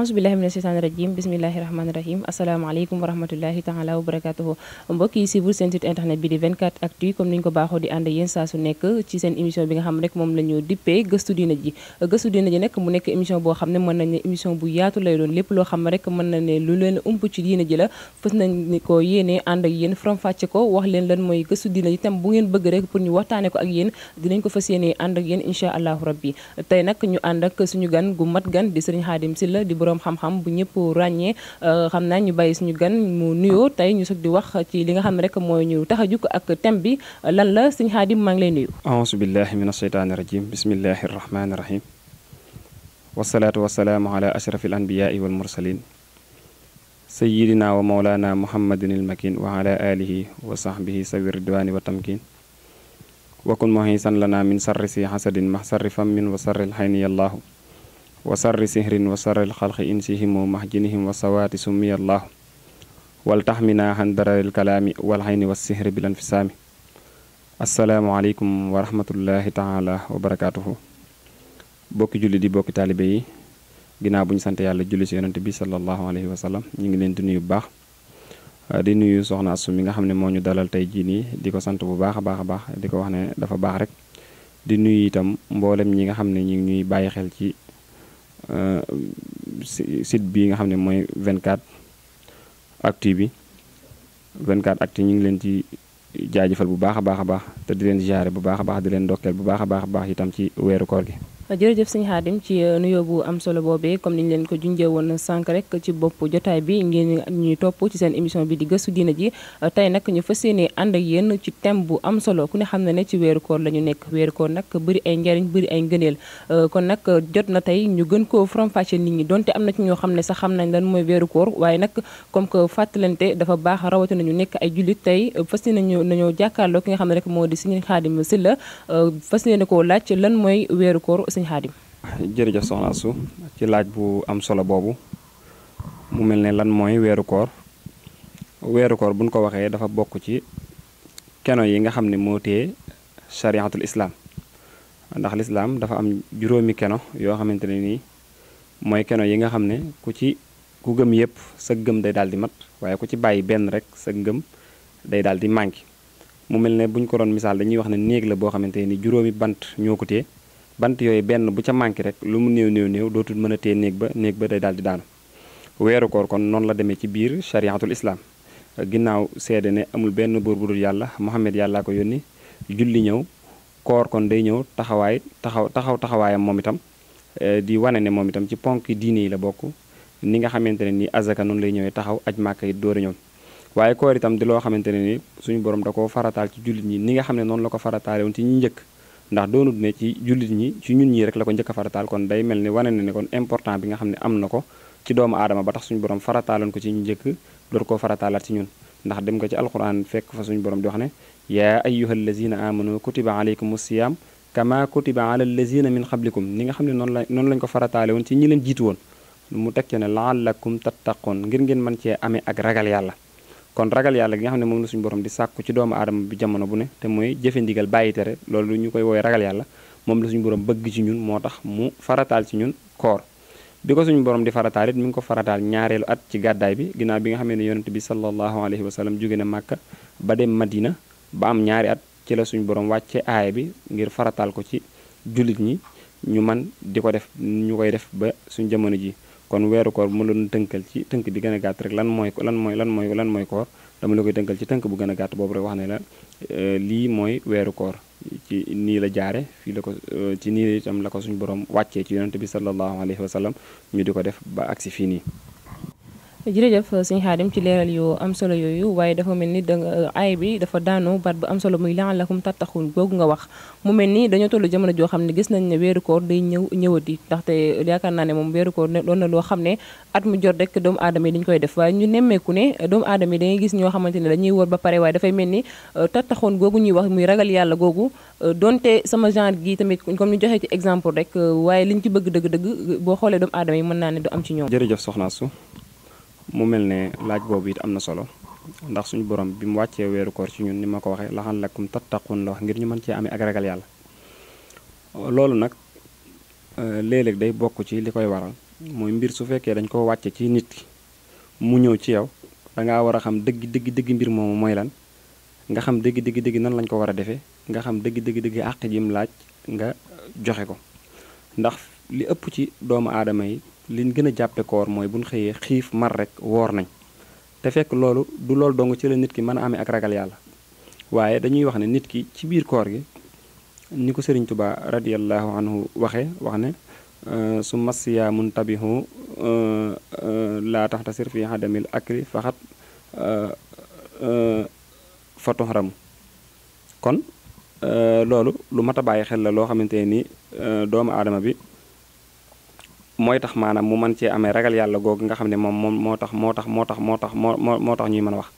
ahousubillahi mina sheytaani rajim bismillahi rahmaani rahim asalaamaaleykum wa rahmatullahi taala wa barakatuhu mbokk yi seen site internet bi di 24 actu comme niñ ko baaxoo di ànd yéen saa su nekk ci seen émission bi nga xam rek moom la dippee gëstu diina ji gëstu diina ji nag mu nekk émission boo xam ne mën nañ émission bu yaatu lay doon lépp loo xam rek mën na leen ump ci diina ji la fës nañ ko yéenee ànd ak yéen borom xam-xam bu ñëpp ràññee euh, xam naa ñu bàyyi suñu gan mu nuyoo tey ñu soog di wax ci li nga xam ne rek mooy ñu tax a jukk ak thème bi lan la sëñ Xaadim maa ngi lay nuyu. aouzu billahi min asheytaani rajim bismillahi rahmaani rahim wasalaatu wasalaamu ala ashrafi al anbiyaai wal mursalin sayidina wa maulana muhammadin il makin wa ala alihi wa sahbihi sawi ridwani wa tamkin wa kun muhisan lana min sarri si hasadin mahsarifan min wa sarril hayni yallahu wa sarri sihrin wa sarril xalqi insihimu mahjinihim wa sawaati sumiyallahu wal taxmina xan dararil kalaami wal xayni wa sihri bil anfisaami asalaamualeykum wa rahmatullahi taala wa barakaatuhu bokki julli di bokki taalibe yi ginnaaw bu ñu sant yàlla julli si yonante bi sallallahu alayhi wa sallam ñu ngi leen di nuyu bu baax di nuyu soxna Astou mi nga xam ne moo ñu dalal tey jii nii di ko sant bu baax a baax a baax di ko wax ne dafa baax rek di nuyu itam mboolem ñi nga xam ne ñu ngi ñuy bàyyi xel ci Euh, site bii nga xam ne mooy vingt 24 actu bi 24 actu ñu ngi leen ci jaajëfal bu baax a baax a baax te di leen jaare bu baax a baax di leen ndokkeel bu baax a baax a baax itam ci weeru koor gi jërëjëf sëñ Xaadim ci euh, nuyoo bu am solo boobee comme niñ leen ko junjee woon sànq rek ci bopp jotaay bi ngeen ñuy topp ci seen émission bi di gëstu diina ji tey nag ñu fas yéene ànd ak yéen ci thème bu am solo ku ne xam na ne ci weeru koor la ñu nekk weeru koor nag bëri ay njariñ ay ngëneel euh, kon nag jot na tey ñu gën koo faram nit ñi donte am na ci ñoo xam ne sax xam nañ lan mooy weeru koor waaye nag que fàttalante dafa baax rawate nañu nekk ay jullit tey fas yéene nañu nañoo jàkkaarloo ki nga xam ne rek moo di sëñ Xaadim la euh, fas yéene koo laaj lan mooy weeru koor sëñ Xaadim jërëjëf soxna ci laaj bu am solo boobu mu mel ne lan mooy weeru koor weeru koor buñ ko waxee dafa bokk ci keno yi nga xam ne moo téye chariatul islam ndax lislaam dafa am juróomi keno yoo xamante ne nii mooy keno yi nga xam ne ku ci ku gëm yëpp sa gëm day daal di mat waaye ku ci bàyyi benn rek sa gëm day daal di manqué mu mel ne buñ ko doon misaal dañuy wax ne néeg la boo xamante ni juróomi bant ñoo ko téye bant yooyu benn bu ca manqué rek lu mu néew néew néew dootul mën a téye néeg ba néeg ba day daal di daanu weeru koor kon noonu la demee ci biir chariatul islam ginnaaw seede ne amul benn boor bu dul yàlla Muhammad yàllaa ko yónni julli ñëw koor kon day ñëw taxawaay taxaw taxaw taxawaayam moom itam eh, di wane ne moom itam ci ponk diine yi la bokk ni nga xamante ne ni azaka noonu lay ñëwee taxaw aj màkka yi dóori ñoom waaye koor itam di loo xamante ne ni suñu borom da koo farataal ci jullit ñi ni nga xam ne noonu la ko farataale woon ci njëkk ndax doonut ne ci jullit ñi ci ñun ñii rek la ko njëkk farataal kon day mel ni wane na ne kon important bi nga xam ne am na ko ci doomu aadama ba tax suñu borom farataaloon ko ci ñu njëkk door koo farataalaat ci ñun ndax dem ko ci alquran fekk fa suñu borom di wax ne yaa ayyuha allazina amanu kutiba aleykum siyaam kama kutiba ala allazina min qablikum ni nga xam ne noonu la noonu lañ ko farataale woon ci ñi leen jiitu woon mu teg ci ne laallakum tattaqoon ngir ngeen mën cee amee ak ragal yàlla kon ragal yàlla gi nga xam ne moom la suñu borom di sàkku ci doomu aadama bi jamono bu ne te mooy jëfe ndigal bàyyi tere loolu ñu koy woowe ragal yàlla moom la suñu borom bëgg ci ñun moo tax mu farataal ci ñun koor bi ko suñu borom di farataal it ngi ko farataal ñaareelu at ci gàddaay bi ginnaaw bi nga xamee ne yonent bi sallallahu alayhi wa sallam jóge na màkka ba dem madina ba am ñaari at ci la suñu borom wàcce aaya bi ngir farataal ko ci jullit ñi ñu man di ko def ñu koy def ba suñu jamono ji kon weeru koor mu leen tënkal ci tënk bi gën a gàtt rek lan mooy lan mooy lan mooy lan mooy koor dama la koy tënkal ci tënk bu gën a gàtt boobu rek wax ne la euh, lii mooy weeru koor ci nii la jaare fii la ko euh, ci nii itam la ko suñu borom wàccee ci yonente bi sallallahu alayhi wa sallam ñu di ko def ba agsi fii nii jërëjëf xaa Xaadim ci leeral yoo am solo yooyu waaye dafa mel ni danga aay bi dafa daanoo baat bu am solo muy laalakum tattaxun googu nga wax mu mel ni dañoo toll jamono joo xam ne gis nañ ne weeru koor day ñëw ñëwati yaakaar naa ne moom weeru koor doon na loo xam ne at mu jot rek doomu aadama yi koy def waaye ñu nemmeeku ne doomu aadama yi da ngay gis ñoo xamante ne dañuy wóor pare waaye dafay mel ni euh, tattaxoon googu ñuy wax muy ragal yàlla googu euh, donte sama genre gi tamit comme ñu joxee ci exemple rek euh, waaye liñ ci bëgg dëgg-dëgg boo xoolee doomu aadama yi mën naa ne du am ci ñoom jërëjëf soxna su mu mel ne laaj boobu it am na solo ndax suñu borom bi mu wàccee weeru koor ci ñun ni ma ko waxee laxan lakum tattaqun la wax ngir ñu mën cee amee ak ragal yàlla loolu nag euh, léeg day bokk ci li koy waral mooy mbir su fekkee dañ koo wàcce ci nit ki mu ñëw ci yow dangaa war a xam dëgg dëgg dëgg mbir moomu mooy lan nga xam dëgg dëgg dëgg nan lañ ko war a defee nga xam dëgg dëgg dëgg àq jim laaj nga joxe ko ndax li ëpp ci doomu aadama yi liñ gën a jàppe koor mooy buñ xëyee xiif mar rek woor nañ te fekk loolu du loolu dong ci la nit ki mën a amee ak ragal yàlla waaye dañuy wax ne nit ki ci biir koor gi ni ko sëriñ Tuubaa radiyallahu anhu waxe wax ne euh, su mun muntabihu euh, euh, laa taxtasir fi hadamil akli faxat fatuxramu kon loolu lu mat a bàyyi xel la loo xamante ni doomu aadama bi mooy tax maanaam mu mën cee amee ragal yàlla googu nga xam ne moom moom moo tax moo tax moo tax moo tax moo moo tax ñuy mën a wax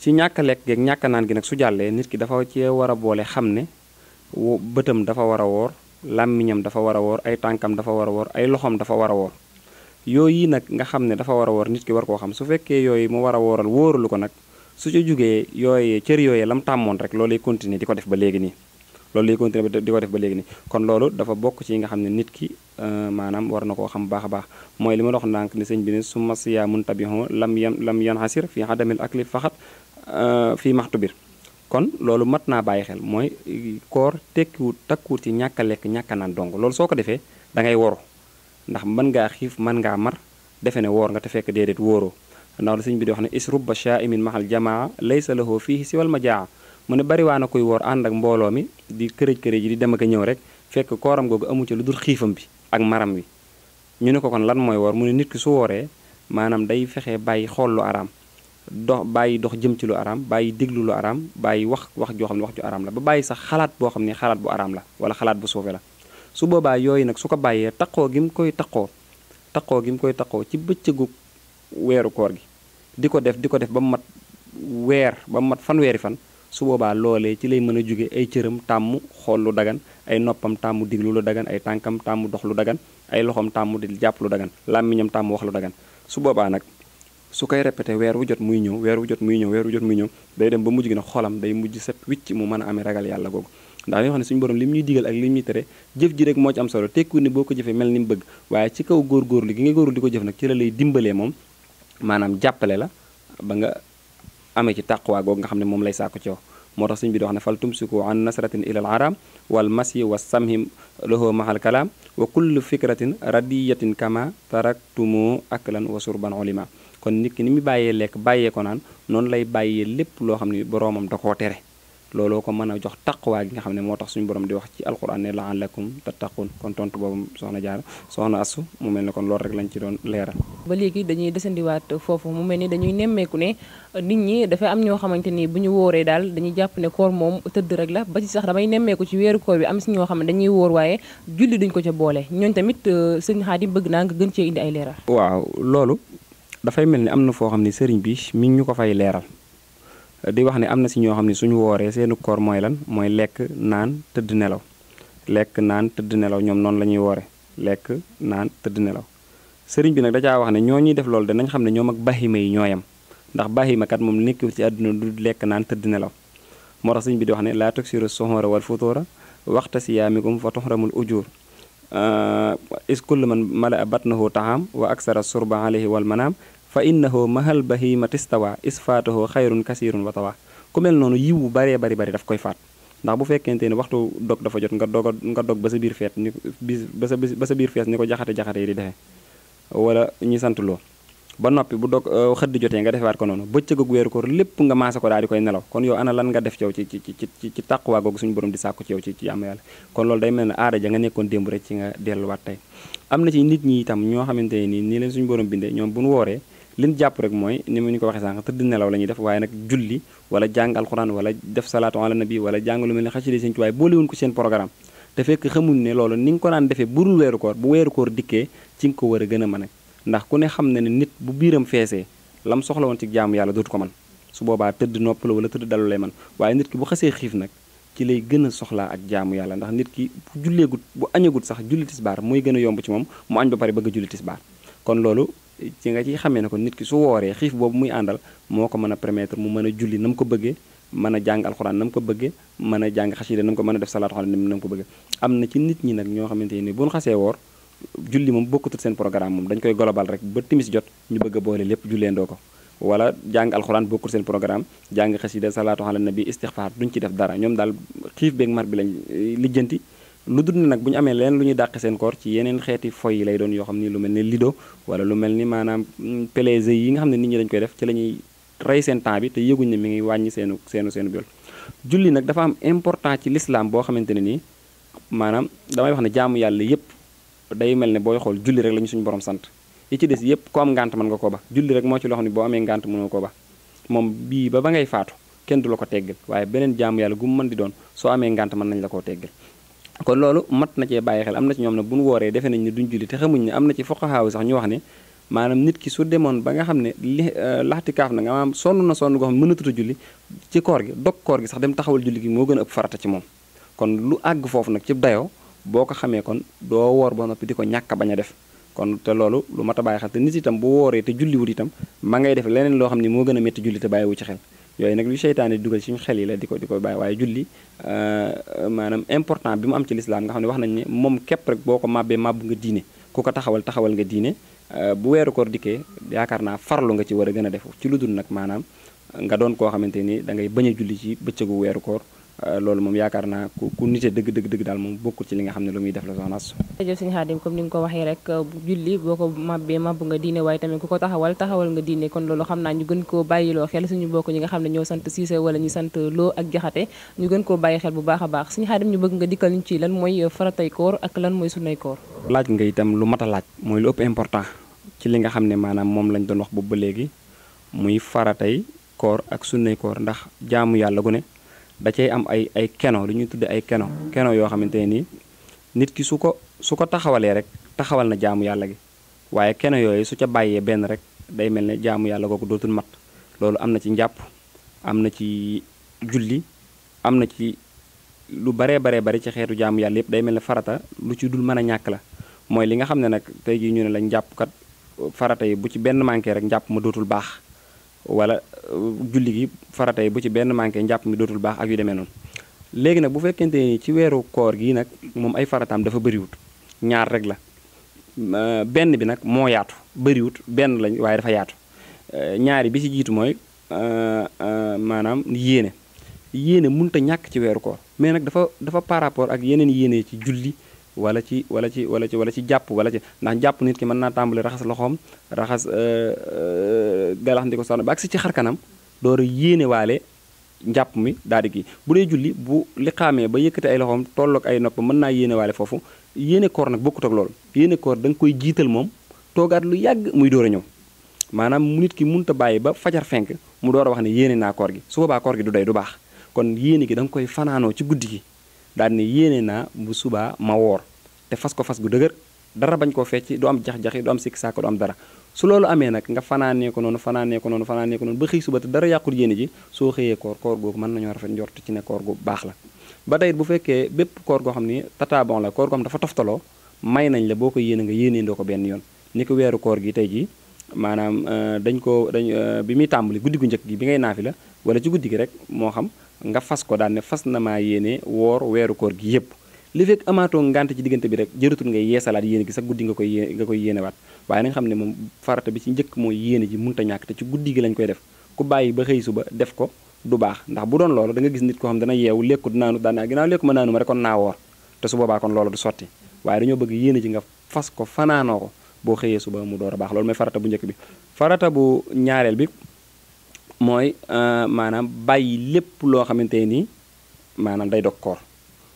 ci ñàkk a lekk ñàkk naan gi nag su jàllee nit ki dafa cee war a boole xam ne bëtam dafa war a woor làmmiñam dafa war a woor ay tànkam dafa war a woor ay loxoom dafa war a woor yooyu nag nga xam ne dafa war a woor nit ki war koo xam su fekkee yooyu mu war a wooral wóoralu ko nag su ca jógee yooyee cër yooyee lam tàmmoon rek loolay continuer di ko def ba léegi nii loolu lay continuer di ko def ba léegi ni kon loolu dafa bokk ci yi nga xam ne nit ki euh, maanaam war na koo xam baax a baax mooy li ma dox ndànk ni sëñ bi ne su masiya muntabihon lam yan lam yan xasir fii adamil akli faxat euh, fii maxtu bir kon loolu mat naa bàyyi xel mooy koor tekkiwut takkuwut ci ñàkk lekk ñàkk naan dong loolu soo ko defee dangay ngay ndax mën ngaa xiif mën ngaa mar defe ne woor nga te fekk déedéet wóoroo ndax la sëñ bi di wax ne isrub ba shaa'imin mahal jamaa laysa lahu fihi siwal majaa mu ne bari waa na koy woor ànd ak mbooloo mi di kërëj kërëj yi di dem ak ñëw rek fekk kooram googu amu ci lu dul xiifam bi ak maram wi ñu ne ko kon lan mooy woor mu ne nit ki su wooree maanaam day fexe bàyyi xool lu araam dox bàyyi dox jëm ci lu araam bàyyi déglu lu araam bàyyi wax wax joo xam ne wax ju araam la ba bàyyi sax xalaat boo xam ne xalaat bu araam la wala xalaat bu suufe la su boobaa yooyu nag su ko bàyyee taqoo gi mu koy taqoo tax gi mu koy taqoo ci bëccëgu weeru koor gi di ko def di ko def ba mu mat weer ba mu mat fanweeri fan su boobaa loolee ci lay mën a jóge ay cëram tàmm xool lu dagan ay noppam tàmm diglu lu dagan ay tànkam tàmm dox lu dagan ay loxoom tàmm di jàpp lu dagan làmmiñam tàmm wax lu dagan su boobaa nag su koy répété weer wu jot muy ñëw weer wu jot muy ñëw weer wu jot muy ñëw day dem ba mujj gi nag xolam day mujj set wicc mu mën a ame ragal yàlla googu ndax yoo xam ne suñu borom lim ñuy digal ak lim ñuy tere jëf ji rek moo ci am solo tekku ni boo ko jëfee mel mu bëgg waaye ci kaw góorgóorlu gi nga góorlu di ko jëf nag ci la dimbalee moom maanaam jàppale la amee ci taqwa googu nga xam ne moom lay sàkku ci yow moo tax suñ bi di wax ne fal tumsiku an nasratin ila al aram wal masi wa samhim lahu mahal kalaam wa kullu fikratin radiyatin kama taraktumu aklan wa surban ulima kon nit ki ni mu bàyyee lekk bàyyee ko naan noonu lay bàyyee lépp loo xam ne boroomam da koo tere looloo ko mën a jox taqwaa gi nga xam ne moo tax suñu borom di wax ci alquran ne la'allakum tattaqun kon tontu boobu soxna Jaara soxna Assu mu mel ne kon loolu rek lañ ci doon leeral ba léegi dañuy desandiwaat foofu mu mel ni dañuy nemmeeku ne nit ñi dafa am ñoo xamante ni bu ñu wóoree daal dañuy jàpp ne koor moom tëdd rek la ba ci sax damay nemmeeku ci weeru koor bi am si ñoo xam ne dañuy woor waaye julli duñ ko ca boole ñooñ tamit euh, sëñ Xaadim bëgg naa nga gën cee indi ay leeral waaw loolu dafay mel ni am na foo xam ne sëriñ bi mi ñu ko fay leeral di wax ne am na si ñoo xam ne suñu wooree seenu koor mooy lan mooy lekk naan tëdd nelaw lekk naan tëdd nelaw ñoom noonu la ñuy woore lekk naan tëdd nelaw sëriñ bi nag da wax ne ñoo ñuy def loolu de nañ xam ne ñoom ak bahima yi ñooyam ndax bahima kat moom nekk ci àdduna du lekk naan tëdd nelaw moo tax sëriñ bi di wax ne laa tuksiru suhuura wal futuura waxta siyaamikum fa tuhramul ujur is kullu man mala a batnahu taxaam wa aksara surba alayhi wal manaam fa ma innahu mahal bahimati stawa isfaatuhu xayrun kasirun wa tawa ku mel noonu yiw bu baree bari bari daf koy faat ndax bu fekkente ne waxtu dog dafa jot nga doga nga dog ba sa biir feet ni ba sa ba sa biir fees ni ko jaxate-jaxate yi di defee wala ñi sant loo ba noppi bu dog euh, xëdd jotee nga defewaat ko noonu bëccëg ak weeru koor lépp nga maase ko daal di koy nelaw kon yow ana lan nga def ci yow ci ci ci ci ci tàquwaa googu suñu borom di sàkku ci yow ci am yàlla kon loolu day mel ne aada ja nga nekkoon démb rek ci nga delluwaat na ci nit ñi itam xamante ne nii nii leen suñu borom bindee ñoom bu ñu wooree liñ jàpp rek mooy ni mu ñu ko waxee sànq tëdd nelaw la ñuy def waaye nag julli wala jàng alxuraan wala def salaatu ala nabi wala jàng lu mel ne xasida seen ci waaye boolewuñ ko seen programme te fekk xamuñ ne loolu ni nga ko daan defee burul weeru koor bu weeru koor dikkee ci nga ko war a gën a man mën ndax ku ne xam na ne nit bu biiram feesee lam soxla woon ci jaamu yàlla dootu ko man su boobaa tëdd noppalu wala tëdd dalu lay man waaye nit ki bu xasee xiif nag ci lay gën a soxlaa ak jaamu yàlla ndax nit ki bu julleegut bu añagut sax julli tisbaar mooy gën a yomb ci moom mu añ ba pare bëgg a julli tisbaar ci nga ci xamee ne ko nit ki su wooree xiif boobu muy àndal moo ko mën a permettre mu mën a julli na mu ko bëggee mën a jàng alxuraan na mu ko bëggee mën a jàng xasida na mu ko mën a def salaatu xaala na mu ko bëggee am na ci nit ñi nag ñoo xamante ni bu ñu xasee woor julli moom bokkutul seen programme moom dañ koy global rek ba timis jot ñu bëgg a boole lépp julleendoo ko wala jàng alxuraan bokkul seen programme jàng xasida salaatu xaala nabi istixfaar duñ ci def dara ñoom daal xiif beeg bi lañ eh, lijjanti lu dul nag bu ñu amee leen lu ñu dàq seen koor ci yeneen xeeti foy yi lay doon yoo xam ni lu mel ni lido wala lu mel ni maanaam mm, plaisir yi nga xam ne nit ñi dañ koy def ci la rey seen temps bi te yëguñ ne mi ngi wàññi seenu seenu seenu biol julli nag dafa am important ci lislaam boo xamante ne nii maanaam damay wax ne jaamu yàlla yépp day mel ne booy xool julli rek la ñu suñu borom sant yi ci des yépp ko am ngànt mën nga ko ba julli rek moo ci loo ne boo amee ngànt mënoo ko ba moom bii ba faatu kenn du la ko teggal waaye beneen jaamu yàlla gu mu mën di doon soo amee mën nañ la koo teggal kon loolu mat na cee bàyyi xel am na ci ñoom ne bu ñu wooree defe nañ ne duñ julli te xamuñ ne am na ci foqaxaaw sax ñu wax ne maanaam nit ki su demoon ba nga xam ne li euh, laxti kaaf na nga maanaam sonn na sonn goo xam ne mënatut a julli ci koor gi dog koor gi sax dem taxawal julli gi moo gën a ëpp farata ci moom kon lu àgg foofu nag ci dayoo boo ko xamee kon doo woor ba noppi di ko ñàkk bañ a def kon te loolu lu mat a bàyyi xel te nit itam bu wooree te julliwut itam ma ngay def leneen loo xam ne moo gën a métti julli te bàyyiwu ci xel yooyu nag lu seytaane dugal ñu xel yi la di ko di ko bàyyi waaye julli euh, euh, maanaam important bi mu am ci lislaam nga xam ne wax nañ ne moom képp rek boo ko màbbee màbb nga diine ku ko taxawal taxawal nga diine euh, bu weeru koor dikkee yaakaar naa farlu nga ci war a gën a defu ci lu dul nag maanaam nga doon koo xamante ni da ngay bañ a julli ci bëccëgu weeru koor Euh, loolu moom yaakaar naa ku ku nite dëgg dëgg dëgg daal moom bokkul ci li nga xam ne lu muy def la soxna Astou jërëjëf sëñ Xaadim comme ni nga ko waxee rek euh, julli boo ko mabbee mabb nga diine waaye tamit taxawal taxawal nga diine kon loolu xam naa ñu gën koo bàyyiloo xel suñu bokk ñi nga xam ñu sant Lo ak Jaxate ñu bàyyi xel bu baax a baax sëñ Xaadim ñu bëgg nga dikkal ñu ci lan mooy euh, faratay koor ak lan mooy sunnay koor laaj nga itam lu mat a laaj mooy lu ëpp important ci li nga xam ne maanaam moom lañ doon wax boobu ba léegi muy faratay koor ak sunnay koor ndax jaamu yàlla gu ne da cay am ay ay keno lu ñuy tudde ay keno keno yoo xamante ne nii nit ki su ko su ko taxawalee rek taxawal na jaamu yàlla gi waaye keno yooyu su ca bàyyee benn rek day mel ne jaamu yàlla kooku dootul mat loolu am na ci njàpp am na ci julli am na ci lu baree baree bari ci xeetu jaamu yàlla yëpp day mel ne farata lu ci dul mën a ñàkk la mooy li nga xam ne nag tey jii ñu ne la njàpp kat farata yi bu ci benn manqué rek njàpp ma dootul baax wala euh, julli gi faratay bu ci benn manqué njàpp mi dootul baax ak yu demee noonu léegi nag bu fekkente ni ci weeru koor gi nag moom ay farataam dafa bëriwut ñaar rek la euh, benn bi nag moo yaatu bëriwut benn lañ waaye dafa yaatu euh, ñaari bi ci jiitu mooy maanaam yéene yéene mun a ñàkk ci weeru koor mais nag dafa dafa par rapport ak yeneen yéene ci julli wala ci wala ci wala ci wala ci jàpp wala ci ndax jàpp nit ki mën naa tàmbali raxas loxoom raxas euh, euh, galax ndi ko soxna ba agsi ci xar kanam door a yéene waale njàpp mi daal di bu dee julli bu li xaamee ba yëkkati loxoom tolloog ay nopp mën naa yéene waale foofu yéene koor nag bokkut ak loolu yéene koor da nga koy jiital moom toogaat lu yàgg muy door a ñëw maanaam nit ki mënut a bàyyi ba fajar fenk mu door a wax ne yéene naa koor gi su boobaa koor gi du day du baax kon yéene gi da nga koy fanaanoo ci guddi gi daal ne yéene naa bu subaa ma woor te fas ko fas gu dëgër dara bañ koo fecc du am jax-jaxi du am sikki saaka du am dara su loolu amee nag nga fanaanee ko noonu fanaanee ko noonu fanaanee ko noonu ba xëy suba te dara yàqul yéene ji soo xëyee koor koor googu mën nañoo rafet njort ci ne koor gu baax la ba tey bu fekkee bépp koor goo xam ni tataabon la koor goo xam dafa toftaloo may nañ la boo ko yéene nga yéeneendoo ko benn yoon ni ko weeru koor gi tey ji maanaam euh, dañ ko dañ euh, bi muy tàmbali guddi gu njëkk gi bi ngay naafi la wala ci guddi gi rek moo xam nga fas ko daan ne fas na maa yéene woor weeru koor gi yépp li fekk amaatoo ngànt ci diggante bi rek jëratul ngay yeesalaat yéene gi sa guddi nga koy yée nga koy yéenewaat waaye na nga xam ne moom farata bi ci njëkk mooy yéene ji munta ñàkk te ci guddi gi lañ koy def ku bàyyi ba xëy suba def ko du baax ndax bu doon loolu da nga gis nit koo xam dana yeewu lekkut naanu daan naa ginnaaw lekku ma naanu ma rek kon naa woor te su boobaa kon loolu du sotti waaye dañoo bëgg yéene ji fas ko fanaanoo ko boo xëyee suba mu door a baax loolu mooy farata bu njëkk bi farata mooy euh, maanaam bàyyi lépp loo xamante nii maanaam day dog koor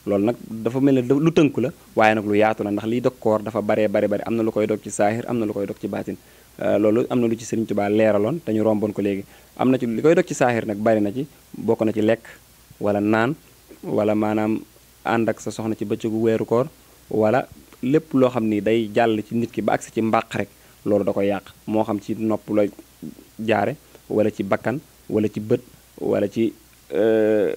loolu nag dafa mel ne lu tënk la waaye nag lu yaatu la ndax liy dog koor dafa baree bare bare am na lu koy dog ci saahir am na lu koy dog ci baatin euh, loolu am na lu ci Sëriñ Tuubaa leeraloon te ñu ko léegi am na ci li koy dog ci saahir nag bari na ci bokk na ci lekk wala naan wala maanaam ànd ak sa soxna ci bëccëgu weeru koor wala lépp loo xam ni day jàll ci nit ki ba agsi ci mbàq rek loolu da koy yàq moo xam ci nopp lay jaare wala ci bakkan wala ci bët wala ci euh,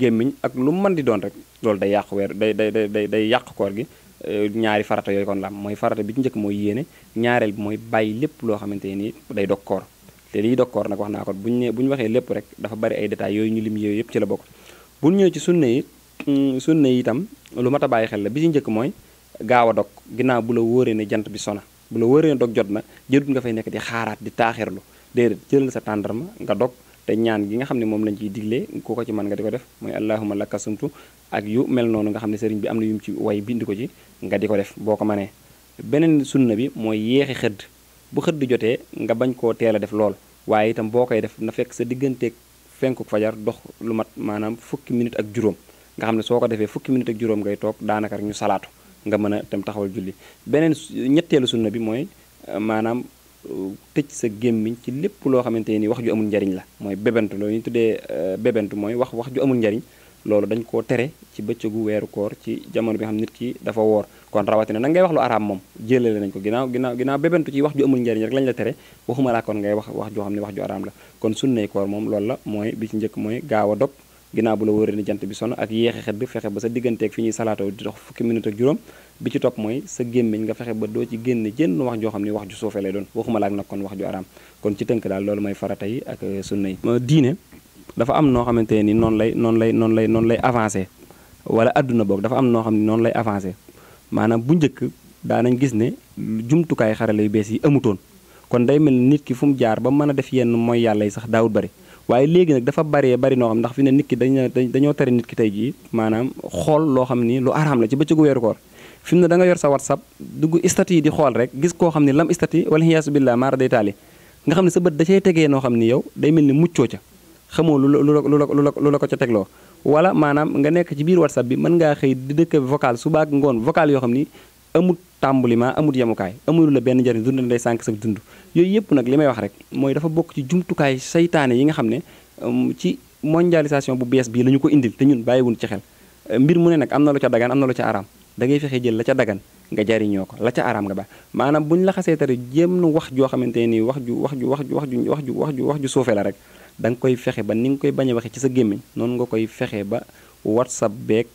gémmiñ ak lu mën di doon rek loolu day yàq weer day day day day yàq koor gi euh, ñaari farata yooyu kon la mooy farata bi ci njëkk mooy yéene ñaareel bi mooy bàyyi lépp loo xamante ni day dog koor te liy dog koor nag wax naa ko bu ñu nee bu ñu waxee lépp rek dafa bari ay détails yooyu ñu lim yooyu yëpp ci la bokk bu ñëwee ci sunna yi mm, sunna yi itam lu mat a bàyyi xel la bi ci njëkk mooy gaaw a dog ginnaaw bu la wóoree ne jant bi sona bu la wóoree ne dog jot na jëdut nga fay nekk di xaaraat di taaxirlu déedéet jëlal sa tàndarma nga dog te ñaan gi nga xam ne moom lañ ciy diglee ku ko ci mën nga di ko def mooy allahuma laka sumtu ak yu mel noonu nga xam ne sëriñ bi am na yum ci way bind ko ci nga di ko def boo ko manee beneen sunna bi mooy yéexi xëdd bu xëdd jotee nga bañ koo teel a def lool waaye itam boo koy def na fekk sa digganteeg fenkuk fajar dox lu mat maanaam fukki minute ak juróom nga xam ne soo ko defee fukki minute juróom ngay toog daanaka ñu salaatu nga mën a tam taxawal julli beneen ñetteelu sunna bi mooy maanaam tëj sa gémmiñ ci lépp loo xamante ni wax ju amul njariñ la mooy bébentu loolu ñu tuddee euh, bebentu mooy wax wax ju amul njariñ loolu dañ koo tere ci bëccëgu weeru koor ci jamono bi nga xam nit ki dafa woor kon rawatina na ngay wax lu araam moom jëlale nañ ko ginnaaw ginnaaw ginnaaw bébentu ci wax ju amul njariñ rek lañ la tere waxuma laa kon ngay wax wax joo xam ne wax ju araam la kon sunnay koor moom loolu la mooy bi ci njëkk mooy gaawa dog ginnaaw bu la wóoree ni jant bi sono ak yéexe xet bi fexe ba sa digganteeg fi ñuy salaatoo di dox fukki minute ak juróom bi ci topp mooy sa gémmiñ nga fexe ba doo ci génn jënn wax joo xam ne wax ju suufe lay doon waxuma laak nag kon wax ju araam kon ci tënk daal loolu mooy farata yi ak sunna yi diine dafa am noo xamante ni noon lay noonu lay noonu lay noonu lay avancé wala adduna boog dafa am noo xam ne noonu lay avancé maanaam bu njëkk daanañ gis ne jumtukaay xarale lay bees yi amutoon kon day mel nit ki fu mu jaar ba mën a def yenn mooy yàlla yi sax daawut bari waaye léegi nag dafa baree bari noo xam ndax fi ne nit ki dañ dañoo tere nit ki tey jii maanaam xool loo xam ni lu araam la ci bëccëgu weeru koor fi mu ne da yor sa whatsapp dugg statut yi di xool rek gis koo xam ne lam statut wala xiyaasu billaa maara day taali nga xam ne sa bët da cay tegee noo xam ni yow day mel ni muccoo ca xamoo lu la lu la lu la ko ca tegloo wala maanaam nga nekk ci biir whatsapp bi mën ngaa xëy di dëkk vocal subaak ngoon vocal yoo xam ni amut tàmbuliment amut yemukaay amul la benn njariñ dund day sànq sa dund yooyu yëpp nag li may wax rek mooy dafa bokk ci jumtukaay saytaane yi nga xam ne um, ci mondialisation bu bees bii la ñu ko indil te ñun bàyyiwun ci xel mbir mu ne nag am na la ca dagan am na la ca araam dangay ngay fexe jël la ca dagan nga jariñoo ko la ca araam nga ba maanaam bu ñu la tari jéem na wax joo xamante nii wax ju wax ju wax ju wax ju wax ju wax ju wax ju suufe la rek da koy fexe ba ni nga koy bañ a waxe ci sa gémmiñ noonu nga koy fexe ba whatsapp beeg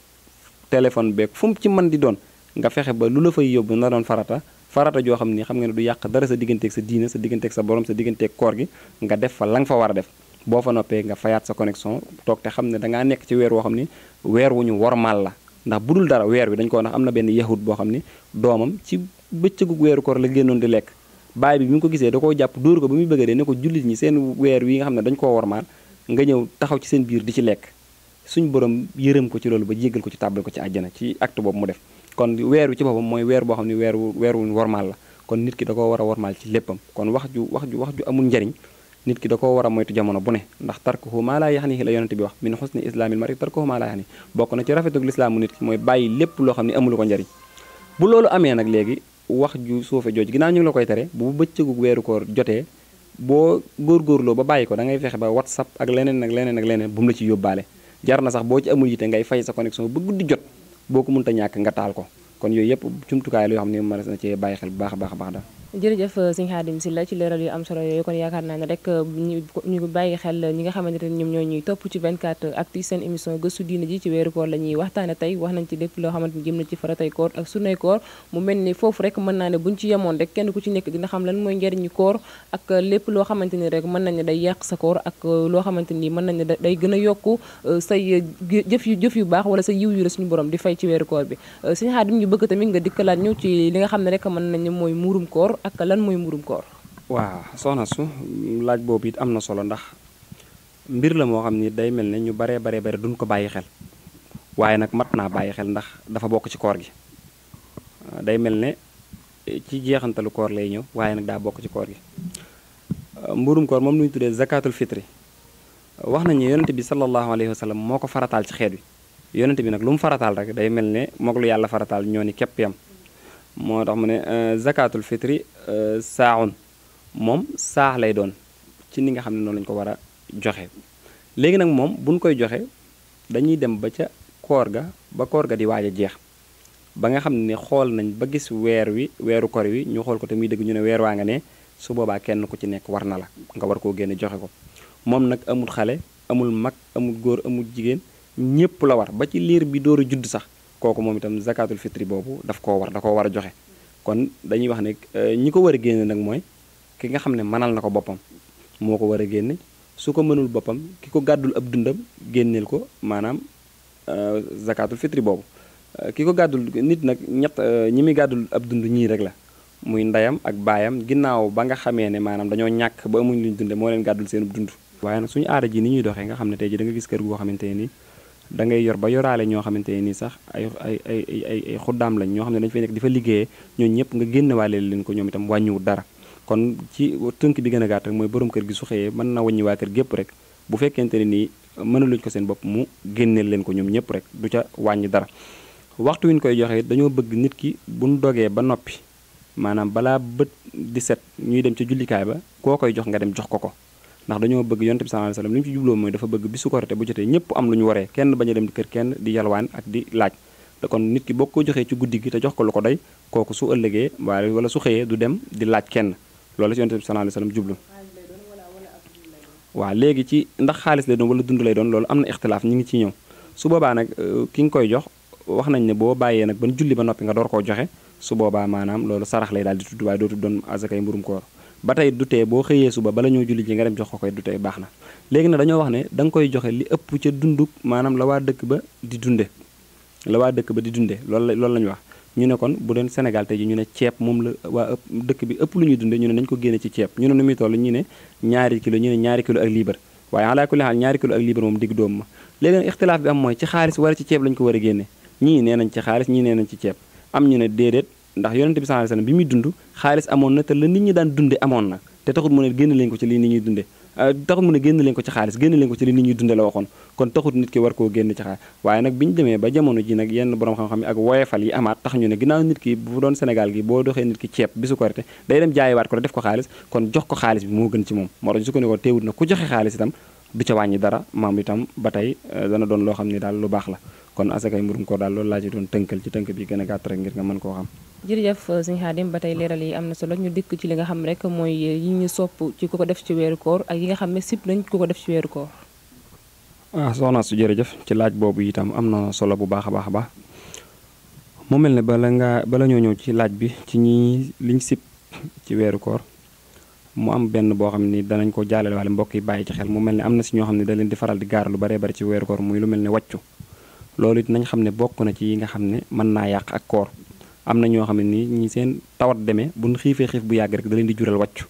téléphone beeg fu ci mën di doon nga fexe ba lu la fay yóbbu na doon farata farata joo xam ni xam nga ne du yàq dara sa digganteeg sa diine sa digganteeg sa borom sa digganteeg koor gi nga def fa la nga fa war a def boo fa noppee nga fayaat sa connexion toog te xam ne dangaa nekk ci weer woo xam ni weer wu ñu wormaal la ndax bu dul dara weer wi dañ ko ndax am na benn yahut boo xam ni doomam ci bëccëgu weeru koor la génnoon di lekk baay bi bi mu ko gisee da koo jàpp dóor ko ba muy bëgg dee ko jullit ñi seen weer wi nga xam ne dañ koo wormaal nga ñëw taxaw ci seen biir ci lekk suñ borom yërëm ko ci loolu ba jéggal ko ci tàbbal ko ci àjjana ci acte boobu mu def kon weer wi ci boppam mooy weer boo xam ne weer weeru weer wu wormaal la kon nit ki da koo war a wormaal ci léppam kon wax ju wax ju wax ju amul njariñ nit ki da koo war a moytu jamono bu ne ndax tarkuhu maa laa yaxnihi la yonente bi wax min xusni islaamil mari tarkuhu maa laa yaxni bokk na ci rafetug lislaamu nit ki xam ne amulu ko njariñ bu loolu amee nag léegi wax ju suufe jooju ginnaaw ñu ngi la koy tere bu bëccëgu weeru koor jotee boo góor góorloo ba bàyyi ko da ngay fexe ba whatsapp ak leneen ak leneen ak leneen bu mu la ci yóbbaale jar na sax boo ci amul yite ngay fay sa connexion ba guddi jot boo ko mënta ñàkk nga taal ko kon yooyu yëpp jumtukaay yoo xam ne mënees na cee bàyyi xel bu baax a baax a baax jërëjëf euh, sëñ si Sylla ci leeral yi am solo yooyu kon yaakaar naa ne rek euh, ñu bàyyi xel euh, ñi nga xamante ne ñoom ñoo ñuy topp ci 24 actu seen émission gëstu diine ji ci weeru koor la ñuy waxtaane tey wax nañ ci lépp loo xamante ni jëm na ci faratay koor ak sunnay koor mu mel ni foofu rek mën naa ne buñ ci yemoon rek ku ci nekk dina xam lan mooy njariñu koor ak lépp loo xamante ni rek mën nañ ne day yàq sa koor ak loo xamante ni mën nañ ne day gën a yokk sa jëf yu jëf yu baax wala sa yiw yu la suñu borom di fay ci weeru koor bi sëñ Khadim ñu bëgg tamit nga dikkalaat ñëw ci li nga xam ne rek mën nañu mooy muurum koor ak lan mooy mburum koor. waaw soxna su laaj boobu it am na solo ndax mbir la moo xam ni day mel ne ñu baree bare bare duñ ko bàyyi xel waaye nag mat naa bàyyi xel ndax dafa bokk ci koor gi day mel ne ci jeexantalu koor lay ñëw waaye nag daa bokk ci koor gi mburum koor moom lu ñu tuddee zakatul fitri wax nañu yonent bi sallallahu alayhi wa moo ko farataal ci xeet bi yonent bi nag lu mu farataal rek day mel ne moog lu yàlla farataal ñoo ni képp yam moo tax mu ne euh, zakatul fitri euh, saaxun moom saax lay doon ci ni nga xam ne noonu lañ ko war a joxe léegi nag moom buñ koy joxe dañuy dem ba ca koor ga ba koor ga di waaj jeex ba nga xam ne xool nañ ba gis weer wi weeru koor wi ñu xool ko te muy dëgg ñu ne weer waa nga ne su boobaa kenn ku ci nekk war na la nga war koo génne joxe ko moom nag amul xale amul mag amul góor amul jigéen ñépp la war ba ci liir bi door a judd sax kooku moom itam zakatul fitri boobu daf koo war da koo war a joxe kon dañuy wax ne euh, ñi ko war a génne nag mooy ki nga xam ne mënal na ko boppam moo ko war a génne su ko mënul boppam ki ko gàddul ab dundam génneel ko maanaam euh, zakatul fitri boobu euh, ki ko gàddul nit nag ñett ñi muy gàddul ab dund ñii rek la muy ndeyam ak baayam ginnaaw ba nga xamee ne maanaam dañoo ñàkk ba amuñ luñ dunde moo leen gàddul seen dund waaye nag suñu aada ji ni ñuy doxee nga xam ne tey ji da nga gis kër goo xamante ne nii da ngay yor ba yoraale ñoo xamante ne nii sax ay ay ay ay ay xuddaam lañ ñoo xam ne dañ fay nekk di fa liggéeyee ñooñu ñëpp nga génn waale leen ko ñoom itam dara kon ci tënk bi gën a gàtt mooy borom kër gi su mën na wàññi waa kër gépp rek bu fekkente ne nii mënaluñ ko seen bopp mu génneel leen ko ñoom ñëpp rek du ca wàññi dara waxtu wi ñu koy joxee dañoo bëgg nit ki buñ dogee ba noppi maanaam balaa bët di set ñuy dem ca jullikaay ba koo koy jox nga dem jox ko ko ndax dañoo bëgg yonte bi sallallahu alayhi wasallam li mu ci jubloo mooy dafa bëgg bisu korite bu jotee ñëpp am lu ñu waree kenn bañ a dem kër kenn di yalwaan ak di laaj kon nit ki boo ko joxee ci guddi gi te jox ko lu ko doy kooku su ëllëgee waaye wala su xëyee du dem di laaj kenn loolu ci yonte bi sallallahu alayhi jublu waaw léegi ci ndax xaalis lay doon wala dund lay doon loolu am na ixtilaaf ñi ngi ciy ñëw su boobaa nag euh, ki nga koy jox wax nañ ne boo bàyyee nag ban julli ba noppi nga door koo joxe su boobaa maanaam loolu sarax lay daal di tudd dootu doon azakay mburum koor ba tey du boo xëyee suba bala ñu jullit ji nga dem jox ko koy du tee baax na léegi na dañoo wax ne da koy joxe li ëpp ca dunduk maanaam la waa dëkk ba di dunde la waa dëkk ba di dunde loolu la loolu la ñu wax ñu ne kon bu doon Sénégal yi ji ñu ne ceeb moom la waa ëpp dëkk bi ëpp lu ñuy dunde ñu ne nañ ko génne ci ceeb ñu ne nu muy toll ñu ne ñaari kilo ñu ne ñaari kilo ak liibar waaye alaa kulli xaal ñaari kilo ak liibar moom digg doom ma léegi nag ixtilaaf bi am mooy ci xaalis ceeb lañ ko war a génne nee nañ ci xaalis ñii nee nañ ci ceeb am ñu ne déedéet ndax yonente bi sa alayhi wasallam bi muy dund xaalis amoon na te la nit ñi daan dunde amoon na te taxul mu ne génn leen ko ci li nit ñuy dunde euh, taxul mu ne génn leen ko xaalis génn leen ko ci li nit ñuy dunde la waxoon kon taxul nit ki war koo génn ci xaalis waaye nag bi ñu demee ba jamono ji nag yenn borom xam-xam yi ak woyefal yi amaat tax ñu ne ginnaaw nit ki bu doon Sénégal gi boo doxee nit ki ceeb bisu korite day dem jaayiwaat ko def ko xaalis kon jox ko xaalis bi moo gën ci moom moo tax su ko ne ko teewut na du ca wàññi dara maam itam ba tey euh, dana doon loo xam ni daal lu baax la kon asakay mburum koor daal loolu laa ci doon tënkal ci tënk bi gën a gàtt rek ngir nga mën koo xam jërëjëf euh, sëñ Xaadim ba tey leeral yi am na solo ñu dikk ci li nga xam rek mooy yi sopp ci ku ko def ci weeru koor ak yi nga xam ne sib nañ ku ko def ci weeru koor ah soxna su jërëjëf ci laaj boobu itam am na solo bu baax a baax a baax mu mel ne la ngaa bala ñoo ñëw ci laaj bi ci ñii liñ sib ci weeru koor mu am benn boo xam ni danañ ko jaalale waale mbokk yi bàyyi ci xel mu mel ne am na si ñoo xam ne da di faral di gaar lu baree bari ci weeru koor muy lu mel ne wàccu loolu it nañ xam ne bokk na ci yi nga xam ne mën naa yàq ak koor am na ñoo xam ne nii ñi seen tawat demee nu xiifee xiif bu yàgg rek da leen di jural wàccu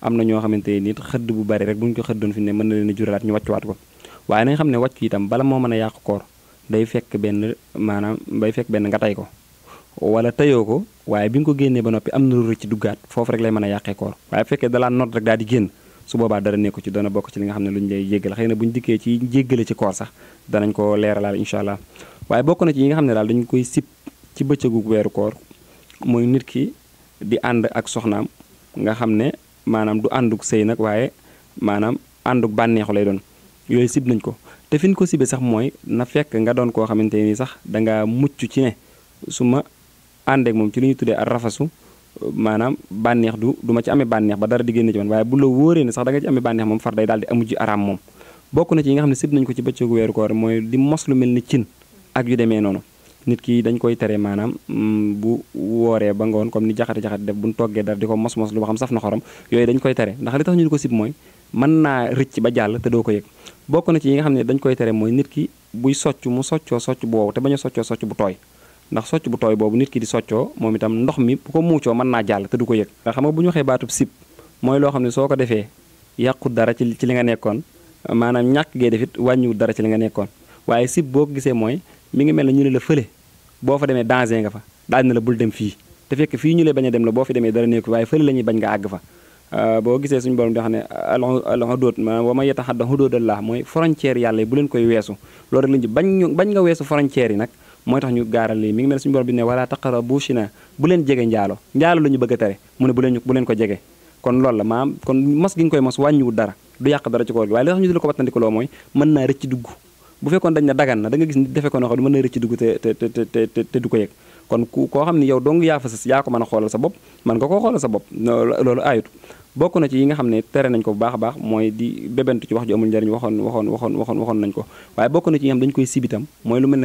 am na ñoo xamante ni xëdd bu bari rek ñu ko xëddoon fi ne mën na leen di juralaat ñu wàccuwaat ko waaye nañ xam ne wàccu itam bala moo mën a yàq koor day fekk benn maanaam day fekk benn nga tey ko wala tayoo ko waaye bi nga ko génnee ba noppi am na lu ci duggaat foofu rek lay mën a yàqee koor waaye bu fekkee dalaa noot rek daal di génn su boobaa dara nekku ci dana bokk ci li nga xam ne lu danañ ko leeralaal incha allah waaye bokk na nga xam ne daal dañu koy sip ci bëccëgu weeru koor mooy nit ki di ànd ak soxnaam nga xam ne maanaam du ànduk sëy nag waaye maanaam ànduk bànneexu lay doon yooyu sib nañ ko te fi ñu ko sibe sax mooy na fekk nga doon koo xamante ni sax danga mucc ci ne su ma ànd ak moom ci li ñu tuddee ak rafasu maanaam bànneex du du ma ci amee bànneex ba dara di génn ci man waaye bu la wóoree ne sax da nga ci amee bànneex moom far day daal di amu ji araam moom bokk na ci yi nga xam ne sib nañu ko ci bëccëgu weeru koor mooy mos lu mel ni cin noonu nit ki dañ koy tere maanaam mm, bu wooree ba ngoon comme ni jaxate-jaxate def buñ toggee dara di ko mos mos lu ba xam saf yooyu dañ koy tere ndax li tax ko sib mooy mën naa rëcc ba jàll te doo ko yëg bokk na ci yi nga xam ne dañ koy tere mooy nit ki buy socc mu soccoo socc boobu te bañ a soccoo socc bu tooy ndax socc bu tooy boobu nit ki di soccoo moom itam ndox mi bu ko muucoo mën naa jàll te du ko yëg nga xam nga bu ñu waxee baatub mooy loo xam ne soo ko defee yàqu dara ci ci li nga nekkoon maanaam ñàkk gee defit wàññiwut dara ci li nga nekkoon waaye sib boo gisee mooy mi ngi mel ne ñu ne la fële boo fa demee danger nga fa daal na la bul dem fii te fekk fii ñu lay bañ a dem la boo fi demee dara nekku waaye fële la ñuy bañ nga àgg fa euh, boo gisee suñu borom di xam ne al hudud wa man yataxadda hududallah mooy frontière yàlla bu leen koy weesu loolu bañ bañ nga weesu frontière yi nag mooy tax ñu gaaral lii mi ngi mel suñu borom bi ne wala taqrabu zina bu leen jege njaalo njaalo la ñu bëgg a tere mu ne bu leen bu leen ko jege kon loolu la maam kon mos gi nga koy mos wàññiwul dara du yàq dara ci koor gi waaye li tax ñu di ko wattandiku loo mooy mën naa rëcc dugg bu fekkoon dañ na dagan na da nga gis nit defe ko noo xam ne mën naa rëcc dugg te te te te du ko yëg kon ku koo xam ne yow dong yaa fa sës yaa ko mën a xoolal sa bopp mën nga koo xoolal sa bopp loolu ayut bokk na ci yi nga xam ne tere nañ ko bu baax a mooy di bébentu ci wax ju amul njariñ waxoon waxoon waxoon waxoon waxoon nañ waaye bokk na ci yi nga xam dañu koy sibitam mooy lu mel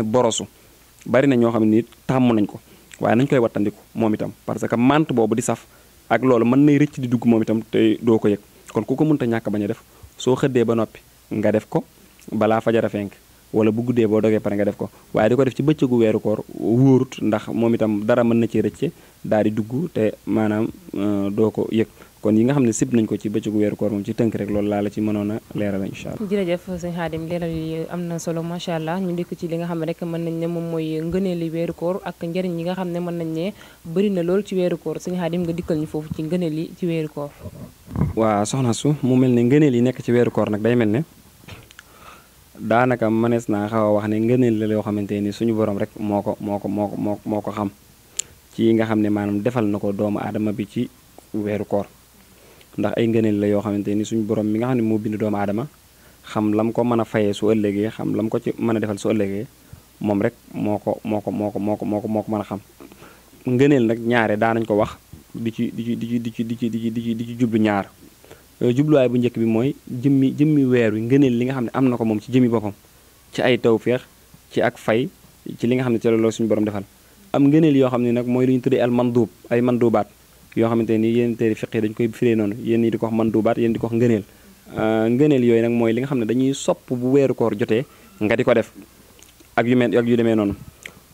bari na ñoo xam ne tàmm nañ ko waaye nañ koy wattandiku moom itam parce que mant boobu di saf ak loolu mën nay rëcc di dugg moom itam te doo ko yëg kon ku ko mënta ñàkk bañ a def soo xëddee ba noppi nga def ko balaa fajara fenk wala bu guddee boo dogee pare nga def ko waaye di ko def ci bëccëgu weeru koor wóorut ndax moom itam dara mën na ci rëcce daal di dugg te maanaam euh, doo ko yëg kon yi nga xam ne sib nañ ko ci bëccëgu weeru koor moom ci tënk rek loolu laa la ci mënoon a leeral incha allah jërëjëf sëñ Xaadim leeral yi am na solo macha allah ñu ci li nga xam ne rek mën nañ ne moom mooy ngëneeli weeru koor ak njëriñ yi nga xam ne mën nañ ne bëri na lool ci weeru koor sëñ Xaadim nga dikkal ñu foofu ci ngëneel yi ci weeru koor waaw soxna su mu mel ne ngëneel yi nekk ci weeru koor nag day mel ne daanaka mënees naa xaw a wax ne ngëneel la yoo xamante ni suñu borom rek moo ko moo ko moo ko moo ko xam ci nga xam ne maanaam defal na ko doomu aadama bi ci weeru koor ndax ay ngëneel la yoo xamante ni suñu borom mi nga xam ne moo bind doomu aadama xam lam ko mën a fayee su ëllëgee xam lam ko ci mën a defal su ëllëgee moom rek moo ko moo ko moo ko moo ko moo ko moo ko mën a xam ngëneel nag ñaare daanañ ko wax di ci di ci di ci di ci di ci di ci di ci jublu ñaar Euh, jubluwaay bu njëkk bi mooy jëmmi jëmmi weer wi ngëneel li nga xam ne am na ko moom ci jëmmi boppam ci ay tawféex ci ak fay ci li nga xam ne ci la suñu borom defal am ngëneel yoo xam ne nag mooy lu ñu tuddee al manduub ay manduubaat yoo xamante ni yéen téere fiqi dañ koy firee noonu yéen ñi di ko wax manduubaat yéen di ko wax ngëneel euh, ngëneel yooyu nag mooy li nga xam ne dañuy sopp bu weeru koor jotee nga di ko def ak yu mel ak yu demee noonu